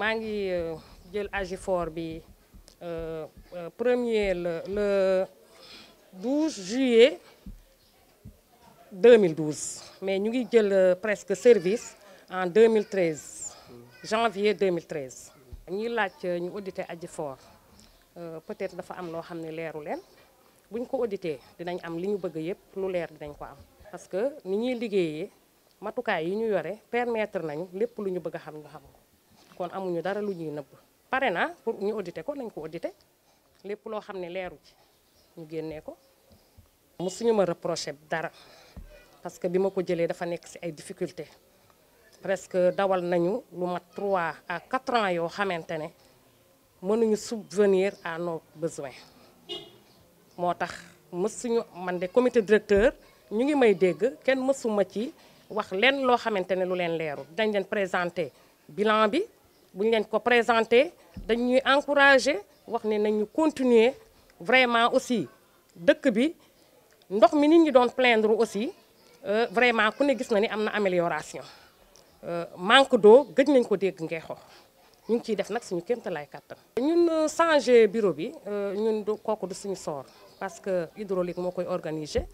maa ngi euh, jël Agifor euh, euh, premier le 12 juillet 2012 mais nous avons pris presque service en 2013 janvier 2013. Nous avons audité Agifor peut-être que nous avons l'air. ne leeru Nous avons audité dinañ am l'air. parce que ni ñuy liggéeyee matukaay yi ñu yore permettre nañu lépp lu ñu bëgg a xam ñu xam ko kon amuñu dara lu ñuy nëbb pare na pour ñu audité ko nañ ko auditer lépp loo xam ne leeru ci ñu génnee ko mosuñu ma reproché dara parce que bi ma ko jëlee dafa nekk si ay difficulté presque dawal nañu lu mat 3 à quatre ans yoo xamante ne mënuñu subvenir à nos besoins moo tax mësuñu man de commité directeur ñu ngi may dégg kenn mësuma ci wax lenn loo xamante ne lu leen leeru dañ leen présenté bilan bi buñ leen ko présenté dañ ñuy encouragé wax ne nañu continuer vraiment aussi dëkk bi ndox mi nit ñi doon plaindre aussi euh, vraiment ku ne gis na ni am na amélioration euh, manque d'eau gëj nañ ko dégg ngay ngeexoo ñu ngi ciy def nag suñu kéemtalaay kàttan ñun euh, changé bureau bi ñun kooku du suñu sort parce que hydraulique moo koy organiser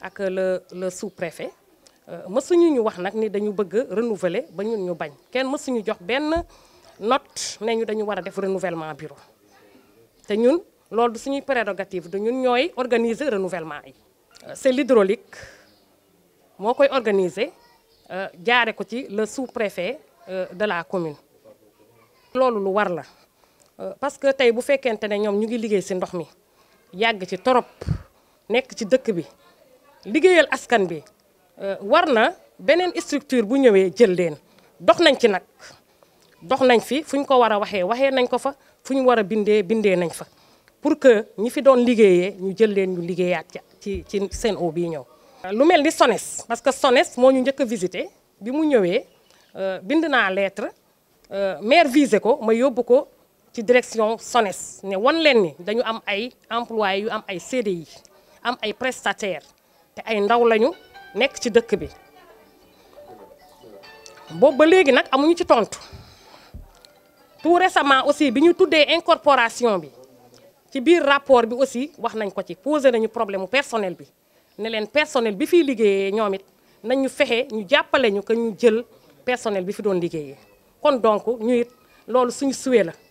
ak le le sous-préfet euh, mësuñu ñu wax nak ni dañu bëgg renouveler ba ñun ñu bañ kenn mësuñu jox ben note né ñu dañu wara def renouvellement bureau té ñun lool du suñuy prérogative du ñun ñoy organiser renouvellement yi. Euh, c'est l'hydraulique moo koy organiser euh, jaaré ko ci le sous-préfet de la commune. loolu lu war la parce que tay bu fekkente ne ñom ñu ngi liggéey ci ndox mi yàgg ci torop nek ci dëkk bi liggéeyal askan bi euh, war na beneen structure bu ñëwé jël leen dox nañ ci nak dox nañ fi fuñ ko wara waxé waxé nañ ko fa fuñ wara war a nañ fa pour que ñi fi doon liggéeyee ñu jël leen ñu liggéeyaat ci ci sen o bi ñëw. lu mel ni SONES parce que SONES mo ñu njëkk visiter bi mu ñëwee euh, bind na lettre euh, maire visé ko ma yóbbu ko ci direction SONES ne won leen ni dañu am ay employé yu am ay CDI am ay prestataire ay ndaw lañu nekk ci dëkk bi boobu ba léegi nag amuñu ci tontu tout récemment aussi bi ñuy tuddee incorporation bi ci biir rapport bi aussi wax nañ ko ci posé nañu problème mu personnel bi ne leen personnel bi fiy liggéeyee ñoom it nañ ñu fexe ñu jàppale ñu que ñu jël personnel bi fi doon liggéeyee kon donc ñu it loolu suñu suwee la.